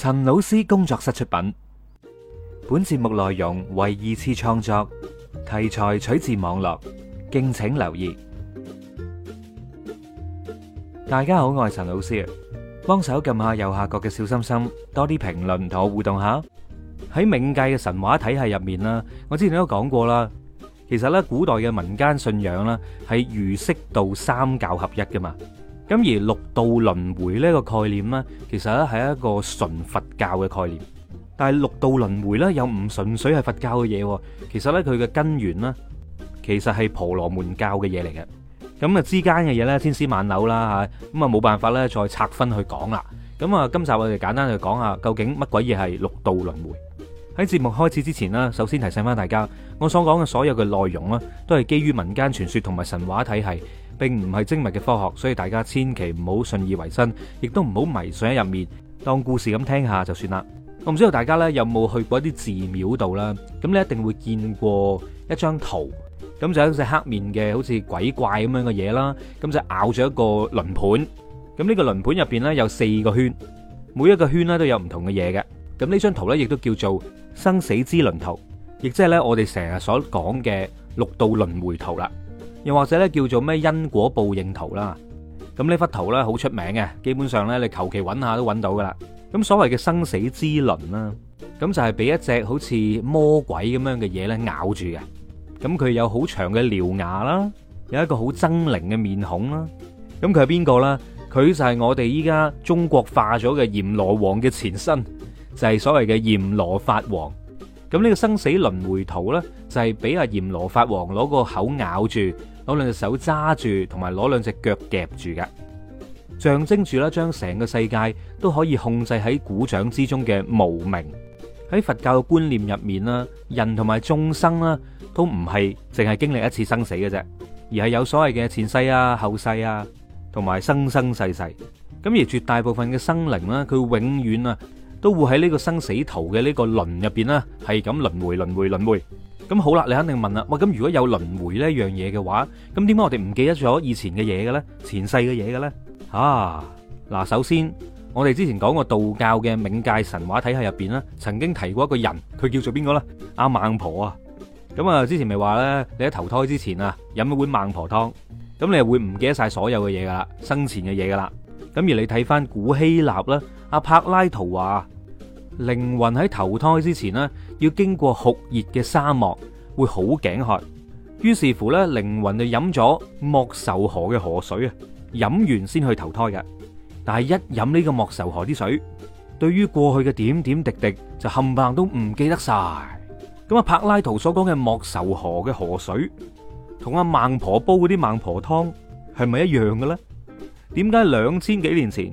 陳老師工作室出品，本節目內容為二次創作，題材取自網絡，敬請留意。大家好，我係陳老師，幫手撳下右下角嘅小心心，多啲評論同我互動下。喺冥界嘅神話體系入面啦，我之前都講過啦，其實咧古代嘅民間信仰啦，係儒釋道三教合一噶嘛。咁而六道輪迴呢個概念呢，其實呢係一個純佛教嘅概念，但係六道輪迴呢又唔純粹係佛教嘅嘢，其實呢佢嘅根源呢，其實係婆羅門教嘅嘢嚟嘅。咁啊之間嘅嘢呢，千絲萬縷啦吓，咁啊冇辦法呢再拆分去講啦。咁啊，今集我哋簡單去講下究竟乜鬼嘢係六道輪迴。喺節目開始之前呢，首先提醒翻大家，我所講嘅所有嘅內容呢，都係基於民間傳說同埋神話體系。並唔係精密嘅科學，所以大家千祈唔好信以為真，亦都唔好迷信喺入面，當故事咁聽下就算啦。我唔知道大家咧有冇去過一啲寺廟度啦，咁你一定會見過一張圖，咁就有一隻黑面嘅，好似鬼怪咁樣嘅嘢啦，咁就咬咗一個輪盤，咁呢個輪盤入邊咧有四個圈，每一個圈咧都有唔同嘅嘢嘅，咁呢張圖咧亦都叫做生死之輪圖，亦即係咧我哋成日所講嘅六道輪迴圖啦。又或者咧叫做咩因果報應圖啦，咁呢幅圖咧好出名嘅，基本上咧你求其揾下都揾到噶啦。咁所謂嘅生死之輪啦，咁就係俾一隻好似魔鬼咁樣嘅嘢咧咬住嘅，咁佢有好長嘅獠牙啦，有一個好猙獰嘅面孔啦，咁佢係邊個咧？佢就係我哋依家中國化咗嘅閻羅王嘅前身，就係所謂嘅閻羅法王。咁呢個生死輪迴圖咧，就係俾阿閻羅法王攞個口咬住，攞兩隻手揸住，同埋攞兩隻腳夾住嘅，象徵住咧將成個世界都可以控制喺鼓掌之中嘅無明。喺佛教嘅觀念入面啦，人同埋眾生啦，都唔係淨係經歷一次生死嘅啫，而係有所謂嘅前世啊、後世啊，同埋生生世世。咁而絕大部分嘅生靈咧，佢永遠啊～都會喺呢個生死圖嘅呢個輪入邊啦，係咁輪迴輪迴輪迴。咁好啦，你肯定問啦，哇咁如果有輪迴呢一樣嘢嘅話，咁點解我哋唔記得咗以前嘅嘢嘅咧？前世嘅嘢嘅咧？啊嗱，首先我哋之前講過道教嘅冥界神話體系入邊啦，曾經提過一個人，佢叫做邊個咧？阿孟婆啊，咁啊之前咪話咧，你喺投胎之前啊，飲一碗孟婆湯，咁你係會唔記得曬所有嘅嘢噶啦，生前嘅嘢噶啦。咁而你睇翻古希臘啦。阿柏拉圖話：靈魂喺投胎之前呢，要經過酷熱嘅沙漠，會好頸渴。於是乎咧，靈魂就飲咗莫愁河嘅河水啊，飲完先去投胎嘅。但係一飲呢個莫愁河啲水，對於過去嘅點點滴滴就冚唪唥都唔記得晒。咁阿柏拉圖所講嘅莫愁河嘅河水，同阿孟婆煲嗰啲孟婆湯係咪一樣嘅咧？點解兩千幾年前，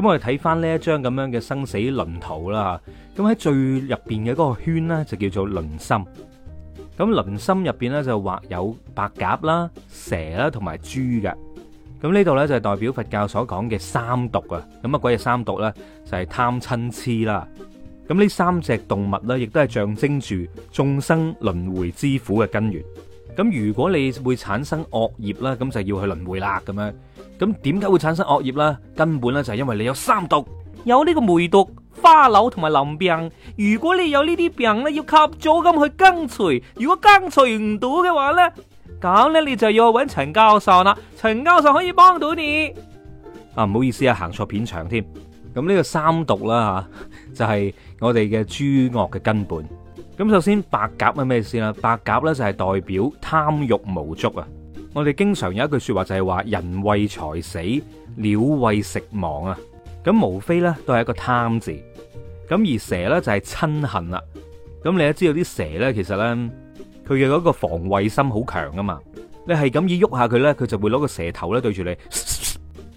咁我哋睇翻呢一張咁樣嘅生死輪圖啦。咁喺最入邊嘅嗰個圈咧，就叫做輪心。咁輪心入邊咧就畫有白鴿啦、蛇啦同埋豬嘅。咁呢度咧就係代表佛教所講嘅三毒啊。咁啊，乜鬼嘢三毒咧就係貪、嗔、痴啦。咁呢三隻動物咧，亦都係象徵住眾生輪迴之苦嘅根源。咁如果你會產生惡業啦，咁就要去輪迴啦，咁樣咁點解會產生惡業啦？根本呢，就係因為你有三毒，有呢個梅毒、花柳同埋淋病。如果你有呢啲病呢，要及早咁去根除。如果根除唔到嘅話呢，咁呢，你就要搵陳教授啦。陳教授可以幫到你。啊，唔好意思啊，行錯片場添。咁呢個三毒啦、啊、吓，就係、是、我哋嘅諸惡嘅根本。咁首先白鴿係咩意思啊？白鴿咧就係代表貪欲無足啊！我哋經常有一句說話就係話人為財死，鳥為食亡啊！咁無非咧都係一個貪字。咁而蛇咧就係嗔恨啦。咁你都知道啲蛇咧其實咧佢嘅嗰個防衛心好強噶嘛。你係咁以喐下佢咧，佢就會攞個蛇頭咧對住你，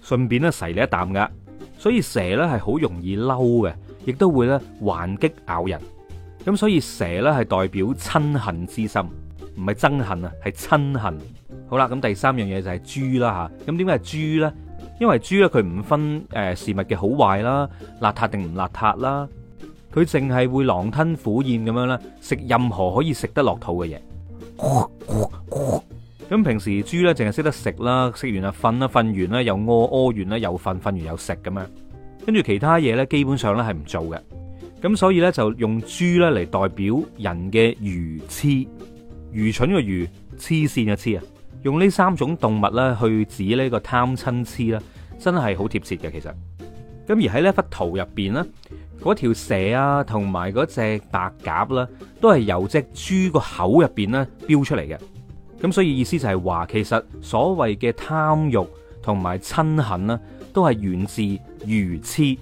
順便咧噬你一啖噶。所以蛇咧係好容易嬲嘅，亦都會咧還擊咬人。咁所以蛇咧，係代表親恨之心，唔係憎恨啊，係親恨。好啦，咁第三樣嘢就係豬啦吓。咁點解係豬咧？因為豬咧佢唔分誒事物嘅好壞啦，邋遢定唔邋遢啦，佢淨係會狼吞虎嚥咁樣啦，食任何可以食得落肚嘅嘢。咁、呃呃呃、平時豬咧淨係識得食啦，食完啊瞓啦，瞓完咧又屙，屙完咧又瞓，瞓完又食咁樣，跟住其他嘢咧基本上咧係唔做嘅。咁所以咧就用豬咧嚟代表人嘅愚癡、愚蠢嘅愚、黐線嘅黐啊！用呢三種動物咧去指呢個貪親痴啦，真係好貼切嘅其實。咁而喺呢一幅圖入邊咧，嗰條蛇啊同埋嗰隻白鴿啦，都係由隻豬個口入邊咧飆出嚟嘅。咁所以意思就係話，其實所謂嘅貪慾同埋親恨呢，都係源自愚癡。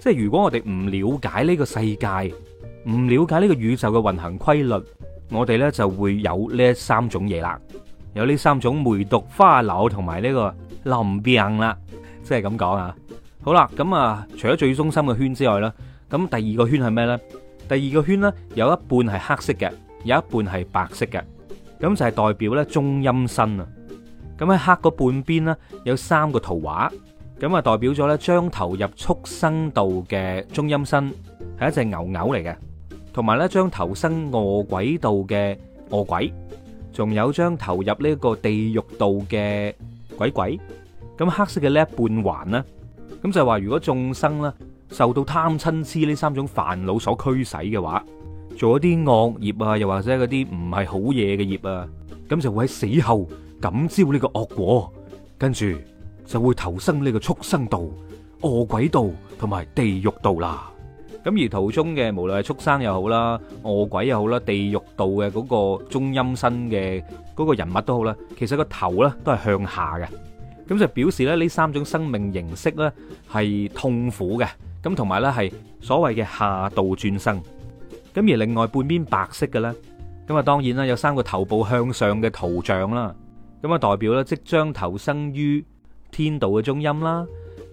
即係如果我哋唔了解呢個世界，唔了解呢個宇宙嘅運行規律，我哋呢就會有呢三種嘢啦，有呢三種梅毒、花柳同埋呢個淋病啦，即係咁講啊。好啦，咁啊，除咗最中心嘅圈之外啦，咁第二個圈係咩呢？第二個圈呢，有一半係黑色嘅，有一半係白色嘅，咁就係代表呢中陰身啊。咁喺黑嗰半邊呢，有三個圖畫。咁啊，代表咗咧將投入畜生道嘅中陰身，係一隻牛牛嚟嘅；同埋咧將投身餓鬼道嘅餓鬼，仲有將投入呢個地獄道嘅鬼鬼。咁黑色嘅呢一半環咧，咁就話、是、如果眾生啦受到貪嗔痴呢三種煩惱所驅使嘅話，做一啲惡業啊，又或者嗰啲唔係好嘢嘅業啊，咁就會喺死後感召呢個惡果，跟住。就會投生呢個畜生道、餓鬼道同埋地獄道啦。咁而途中嘅，無論係畜生又好啦、餓鬼又好啦、地獄道嘅嗰個中陰身嘅嗰個人物都好啦，其實個頭咧都係向下嘅，咁就表示咧呢三種生命形式咧係痛苦嘅，咁同埋咧係所謂嘅下道轉生。咁而另外半邊白色嘅咧，咁啊當然啦有三個頭部向上嘅圖像啦，咁啊代表咧即將投生於。天道嘅中陰啦，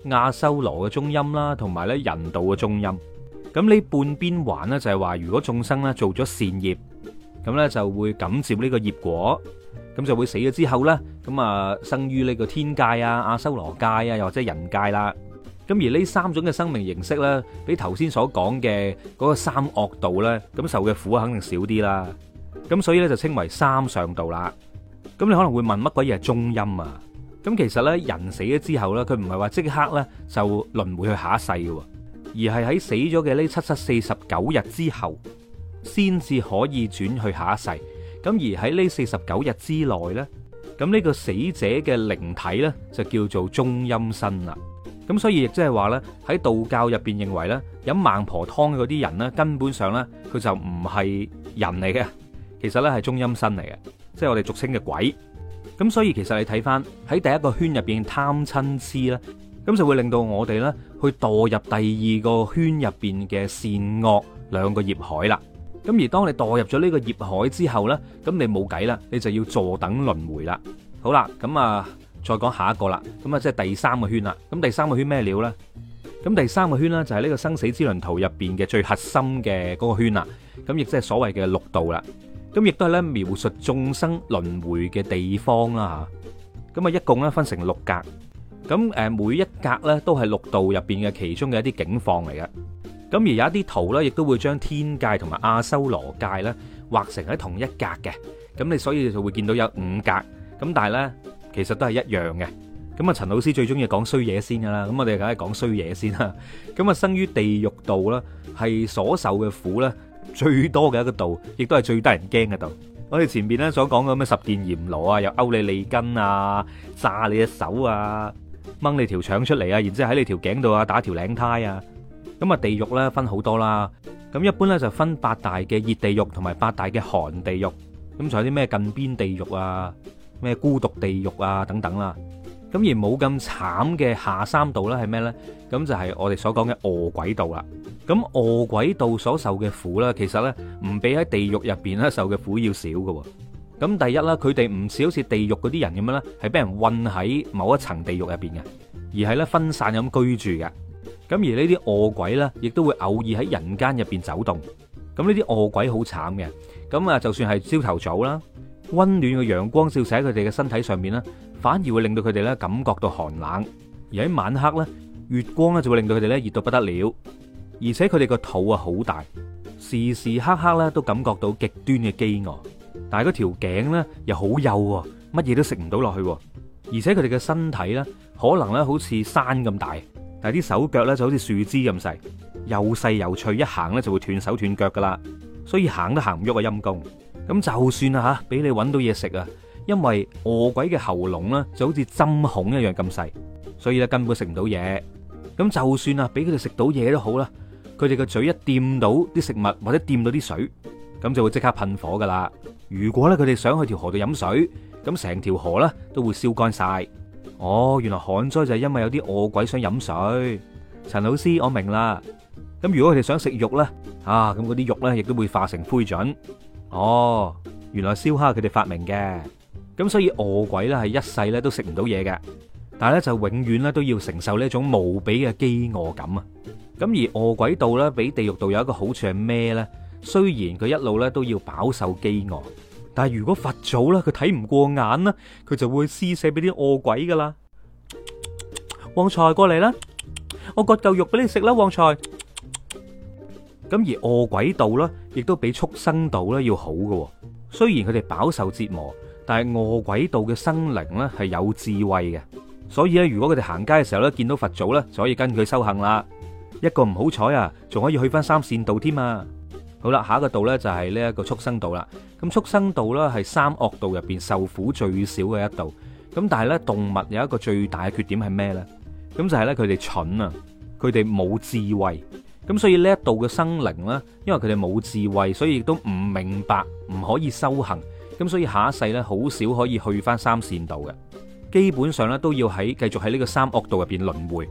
阿修羅嘅中陰啦，同埋咧人道嘅中陰。咁呢半邊環咧就係話，如果眾生咧做咗善業，咁咧就會感召呢個業果，咁就會死咗之後咧，咁啊生於呢個天界啊、阿修羅界啊，又或者人界啦。咁而呢三種嘅生命形式咧，比頭先所講嘅嗰個三惡道咧，咁受嘅苦啊，肯定少啲啦。咁所以咧就稱為三上道啦。咁你可能會問乜鬼嘢係中陰啊？咁其實咧，人死咗之後咧，佢唔係話即刻咧就輪迴去下一世嘅，而係喺死咗嘅呢七七四十九日之後，先至可以轉去下一世。咁而喺呢四十九日之內咧，咁呢個死者嘅靈體咧就叫做中陰身啦。咁所以亦即係話咧，喺道教入邊認為咧，飲孟婆湯嗰啲人咧，根本上咧佢就唔係人嚟嘅，其實咧係中陰身嚟嘅，即係我哋俗稱嘅鬼。咁所以其實你睇翻喺第一個圈入邊貪親痴咧，咁就會令到我哋呢去墮入第二個圈入邊嘅善惡兩個業海啦。咁而當你墮入咗呢個業海之後呢，咁你冇計啦，你就要坐等輪迴啦。好啦，咁啊，再講下一個啦。咁啊，即係第三個圈啦。咁第三個圈咩料呢？咁第三個圈呢，就係呢個生死之輪圖入邊嘅最核心嘅嗰個圈啦。咁亦即係所謂嘅六道啦。咁亦都係咧描述眾生輪迴嘅地方啦嚇，咁啊一共咧分成六格，咁誒每一格咧都係六道入邊嘅其中嘅一啲境況嚟嘅。咁而有一啲圖咧亦都會將天界同埋阿修羅界咧畫成喺同一格嘅，咁你所以就會見到有五格，咁但係咧其實都係一樣嘅。咁啊陳老師最鍾意講衰嘢先㗎啦，咁我哋梗係講衰嘢先啦，咁啊生於地獄道咧係所受嘅苦咧。最多嘅一個道，亦都係最得人驚嘅道。我哋前邊咧所講嘅咁嘅十殿閻羅啊，又勾你脷根啊，炸你隻手啊，掹你條腸出嚟啊，然之後喺你條頸度啊打條領呔啊，咁啊地獄咧分好多啦。咁一般咧就分八大嘅熱地獄同埋八大嘅寒地獄。咁仲有啲咩近邊地獄啊？咩孤獨地獄啊？等等啦。咁而冇咁慘嘅下三道咧係咩咧？咁就係我哋所講嘅餓鬼道啦。咁餓鬼道所受嘅苦呢，其實呢唔比喺地獄入邊咧受嘅苦要少嘅。咁第一啦，佢哋唔少似地獄嗰啲人咁樣咧，係俾人困喺某一層地獄入邊嘅，而係咧分散咁居住嘅。咁而呢啲餓鬼呢，亦都會偶爾喺人間入邊走動。咁呢啲餓鬼好慘嘅。咁啊，就算係朝頭早啦，温暖嘅陽光照射喺佢哋嘅身體上面呢，反而會令到佢哋咧感覺到寒冷。而喺晚黑呢，月光咧就會令到佢哋咧熱到不得了，而且佢哋個肚啊好大，時時刻刻咧都感覺到極端嘅飢餓。但係嗰條頸咧又好幼喎，乜嘢都食唔到落去。而且佢哋嘅身體咧可能咧好似山咁大，但係啲手腳咧就好似樹枝咁細，又細又脆，一行咧就會斷手斷腳㗎喇。所以行都行唔喐啊，陰功。咁就算啊嚇俾你揾到嘢食啊，因為餓鬼嘅喉嚨咧就好似針孔一樣咁細，所以咧根本食唔到嘢。咁就算啊，俾佢哋食到嘢都好啦，佢哋個嘴一掂到啲食物或者掂到啲水，咁就會即刻噴火噶啦。如果咧佢哋想去條河度飲水，咁成條河咧都會燒乾晒。哦，原來旱災就係因為有啲餓鬼想飲水。陳老師，我明啦。咁如果佢哋想食肉咧，啊，咁嗰啲肉咧亦都會化成灰燼。哦，原來燒烤係佢哋發明嘅。咁所以餓鬼咧係一世咧都食唔到嘢嘅。但係咧，就永遠咧都要承受呢一種無比嘅飢餓感啊！咁而餓鬼道咧，比地獄道有一個好處係咩咧？雖然佢一路咧都要飽受飢餓，但係如果佛祖咧佢睇唔過眼咧，佢就會施捨俾啲餓鬼噶啦。旺財過嚟啦，我割嚿肉俾你食啦，旺財。咁而餓鬼道咧，亦都比畜生道咧要好嘅。雖然佢哋飽受折磨，但係餓鬼道嘅生靈咧係有智慧嘅。所以咧，如果佢哋行街嘅時候咧，見到佛祖咧，就可以跟佢修行啦。一個唔好彩啊，仲可以去翻三善道添啊。好啦，下一個道咧就係呢一個畜生道啦。咁畜生道咧係三惡道入邊受苦最少嘅一道。咁但係咧動物有一個最大嘅缺點係咩咧？咁就係咧佢哋蠢啊，佢哋冇智慧。咁所以呢一道嘅生靈咧，因為佢哋冇智慧，所以亦都唔明白唔可以修行。咁所以下一世咧好少可以去翻三善道嘅。基本上咧都要喺繼續喺呢個三惡道入邊輪回，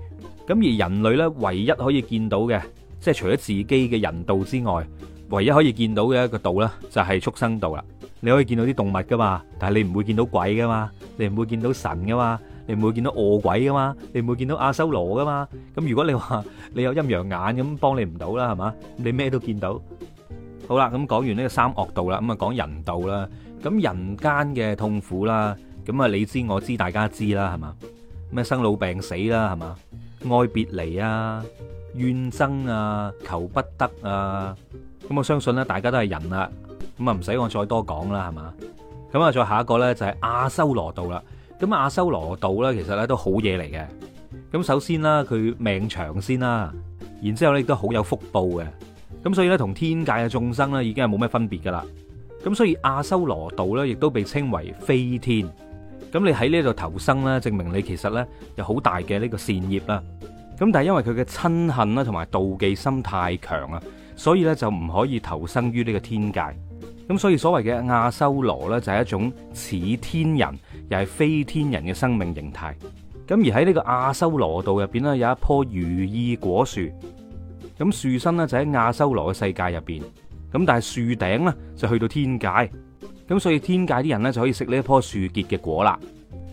咁而人類咧唯一可以見到嘅，即係除咗自己嘅人道之外，唯一可以見到嘅一個道啦，就係畜生道啦。你可以見到啲動物噶嘛，但係你唔會見到鬼噶嘛，你唔會見到神噶嘛，你唔會見到餓鬼噶嘛，你唔會見到阿修羅噶嘛。咁如果你話你有陰陽眼咁，幫你唔到啦，係嘛？你咩都見到。好啦，咁講完呢個三惡道啦，咁啊講人道啦，咁人間嘅痛苦啦。咁啊，你知我知，大家知啦，係嘛？咩生老病死啦，係嘛？愛別離啊、怨憎啊、求不得啊。咁我相信咧，大家都係人啦，咁啊唔使我再多講啦，係嘛？咁啊。再下一個咧就係阿修羅道啦。咁阿修羅道咧，其實咧都好嘢嚟嘅。咁首先啦，佢命長先啦，然之後咧都好有福報嘅。咁所以咧，同天界嘅眾生咧已經係冇咩分別噶啦。咁所以阿修羅道咧亦都被稱為非天。咁你喺呢度投生咧，證明你其實呢有好大嘅呢個善業啦。咁但係因為佢嘅親恨啦，同埋妒忌心太強啊，所以呢就唔可以投生於呢個天界。咁所以所謂嘅阿修羅呢，就係一種似天人又係非天人嘅生命形態。咁而喺呢個阿修羅道入邊呢，有一棵如意果樹。咁樹身呢，就喺阿修羅嘅世界入邊，咁但係樹頂呢，就去到天界。咁所以天界啲人咧就可以食呢一棵樹結嘅果啦，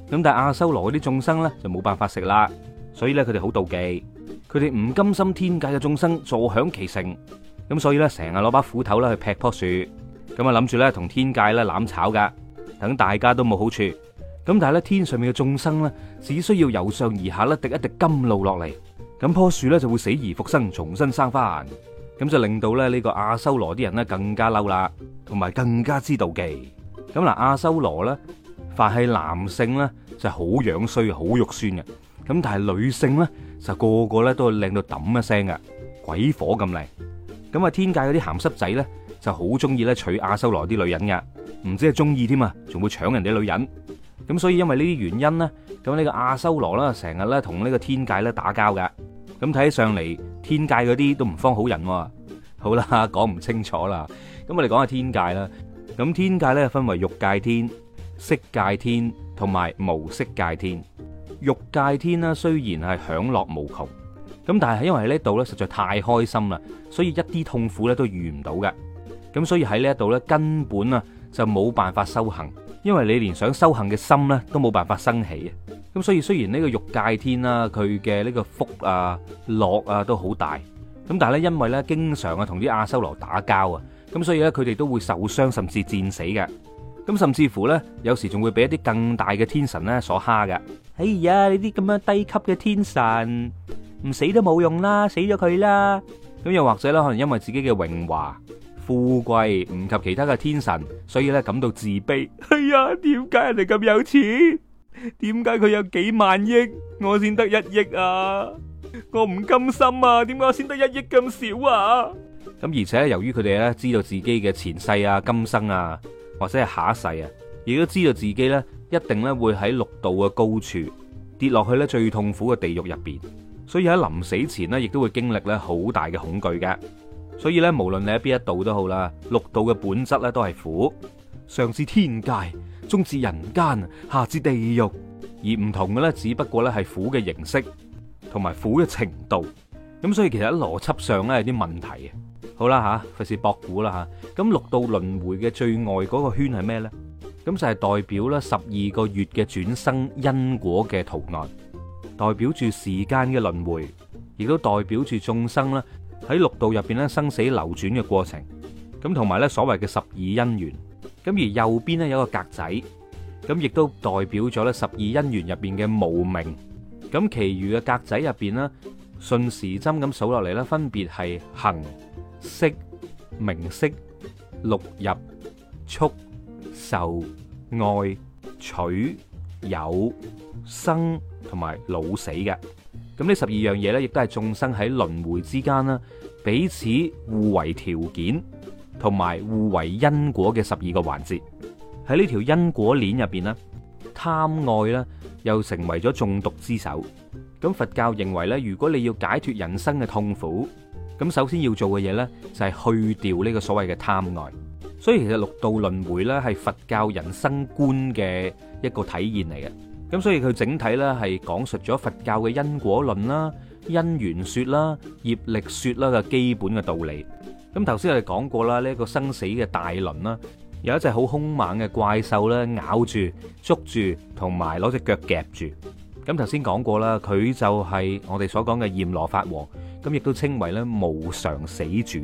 咁但係阿修羅嗰啲眾生咧就冇辦法食啦，所以咧佢哋好妒忌，佢哋唔甘心天界嘅眾生坐享其成，咁所以咧成日攞把斧頭咧去劈棵樹，咁啊諗住咧同天界咧攬炒㗎，等大家都冇好處，咁但係咧天上面嘅眾生咧只需要由上而下咧滴一滴金露落嚟，咁棵樹咧就會死而復生，重新生返。咁就令到咧呢個阿修羅啲人咧更加嬲啦，同埋更加之妒忌。咁嗱，阿修羅咧，凡係男性咧就好樣衰啊，好肉酸嘅。咁但係女性咧就個個咧都靚到抌一聲嘅，鬼火咁靚。咁啊，天界嗰啲鹹濕仔咧就好中意咧娶阿修羅啲女人嘅，唔止係中意添啊，仲會搶人哋啲女人。咁所以因為呢啲原因咧，咁呢個阿修羅啦成日咧同呢個天界咧打交嘅。咁睇起上嚟，天界嗰啲都唔方好人喎、啊。好啦，講唔清楚啦。咁我哋講下天界啦。咁天界呢，分為欲界天、色界天同埋無色界天。欲界天呢，雖然係享樂無窮，咁但係因為喺呢度呢，實在太開心啦，所以一啲痛苦呢都遇唔到嘅。咁所以喺呢一度呢，根本啊就冇辦法修行，因為你連想修行嘅心呢都冇辦法生起。咁所以雖然呢個欲界天啦，佢嘅呢個福啊、樂啊都好大，咁但係咧因為咧經常啊同啲阿修羅打交啊，咁所以咧佢哋都會受傷，甚至戰死嘅。咁甚至乎咧，有時仲會俾一啲更大嘅天神咧所蝦嘅。哎呀，呢啲咁樣低級嘅天神，唔死都冇用啦，死咗佢啦。咁又或者咧，可能因為自己嘅榮華富貴唔及其他嘅天神，所以咧感到自卑。哎呀，點解人哋咁有錢？點解佢有幾萬億，我先得一億啊！我唔甘心啊！點解我先得一億咁少啊？咁而且由於佢哋咧，知道自己嘅前世啊、今生啊，或者係下一世啊，亦都知道自己咧一定咧會喺六道嘅高處跌落去咧最痛苦嘅地獄入邊，所以喺臨死前呢亦都會經歷咧好大嘅恐懼嘅。所以呢，無論你喺邊一度都好啦，六道嘅本質呢都係苦，上至天界。中至人間，下至地獄，而唔同嘅呢，只不過呢係苦嘅形式同埋苦嘅程度。咁所以其實喺邏輯上呢，有啲問題。好啦吓，費事博古啦吓。咁六道輪迴嘅最外嗰個圈係咩呢？咁就係代表呢十二個月嘅轉生因果嘅圖案，代表住時間嘅輪迴，亦都代表住眾生啦喺六道入邊呢，生死流轉嘅過程。咁同埋呢所謂嘅十二因緣。咁而右邊咧有個格仔，咁亦都代表咗咧十二因緣入邊嘅無明。咁，其餘嘅格仔入邊咧，順時針咁數落嚟咧，分別係行、識、名色、六入、觸、受、愛、取、有、生同埋老死嘅。咁呢十二樣嘢咧，亦都係眾生喺輪迴之間啦，彼此互為條件，同埋互為因果嘅十二個環節，喺呢條因果鏈入邊咧，貪愛咧又成為咗中毒之首。咁佛教認為咧，如果你要解脱人生嘅痛苦，咁首先要做嘅嘢咧就係去掉呢個所謂嘅貪愛。所以其實六道輪迴咧係佛教人生觀嘅一個體現嚟嘅。咁所以佢整體咧係講述咗佛教嘅因果論啦、因緣說啦、業力說啦嘅基本嘅道理。咁頭先我哋講過啦，呢一個生死嘅大輪啦，有一隻好兇猛嘅怪獸咧咬住、捉住同埋攞隻腳夾住。咁頭先講過啦，佢就係我哋所講嘅閻羅法王，咁亦都稱為咧無常死主。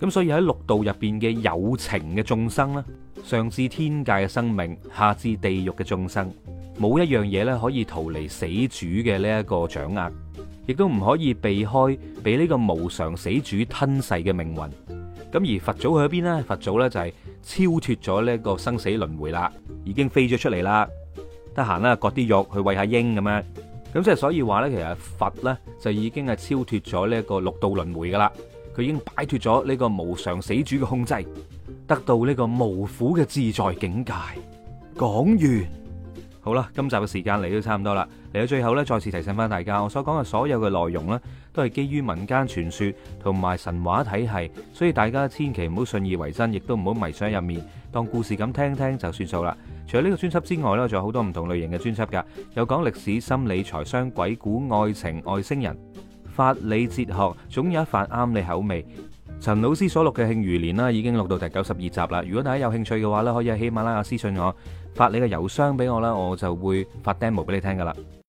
咁所以喺六道入邊嘅有情嘅眾生啦，上至天界嘅生命，下至地獄嘅眾生，冇一樣嘢咧可以逃離死主嘅呢一個掌握。亦都唔可以避開被呢個無常死主吞噬嘅命運。咁而佛祖去咗邊呢？佛祖呢就係超脱咗呢個生死輪迴啦，已經飛咗出嚟啦。得閒啦，割啲肉去喂下鷹咁樣。咁即係所以話呢，其實佛呢就已經係超脱咗呢個六道輪迴噶啦。佢已經擺脫咗呢個無常死主嘅控制，得到呢個無苦嘅自在境界。講完。好啦，今集嘅時間嚟到差唔多啦。嚟到最後呢，再次提醒翻大家，我所講嘅所有嘅內容呢，都係基於民間傳說同埋神話體系，所以大家千祈唔好信以為真，亦都唔好迷上入面，當故事咁聽聽就算數啦。除咗呢個專輯之外呢，仲有好多唔同類型嘅專輯噶，有講歷史、心理、財商、鬼故、愛情、外星人、法理、哲學，總有一範啱你口味。陳老師所錄嘅《慶餘年》呢，已經錄到第九十二集啦。如果大家有興趣嘅話呢，可以喺喜馬拉雅私信我。發你嘅郵箱俾我啦，我就會發 demo 俾你聽㗎喇。